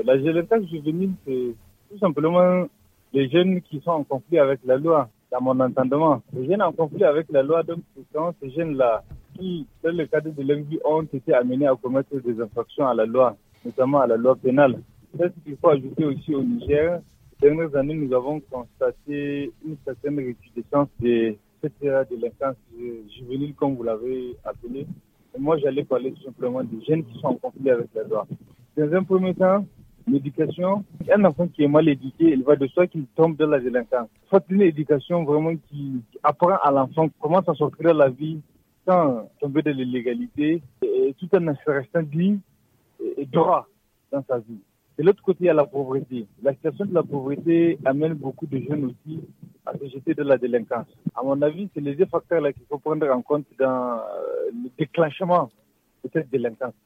Euh, la jeunesse juvénile, c'est tout simplement les jeunes qui sont en conflit avec la loi, à mon entendement. Les jeunes en conflit avec la loi, donc ce sont ces jeunes-là qui, dans le cadre de leur ont été amenés à commettre des infractions à la loi, notamment à la loi pénale. C'est ce qu'il faut ajouter aussi au Niger. Ces dernières années, nous avons constaté une certaine récudescence de cette délinquance juvénile, comme vous l'avez appelé. Et moi, j'allais parler tout simplement des jeunes qui sont en conflit avec la loi. Dans un premier temps, L'éducation, un enfant qui est mal éduqué, il va de soi qu'il tombe dans la délinquance. Il faut une éducation vraiment qui apprend à l'enfant comment s'en sortir de la vie sans tomber dans l'illégalité et tout en restant libre et droit dans sa vie. De l'autre côté, il y a la pauvreté. La situation de la pauvreté amène beaucoup de jeunes aussi à se jeter de la délinquance. À mon avis, c'est les deux facteurs là qu'il faut prendre en compte dans euh, le déclenchement de cette délinquance.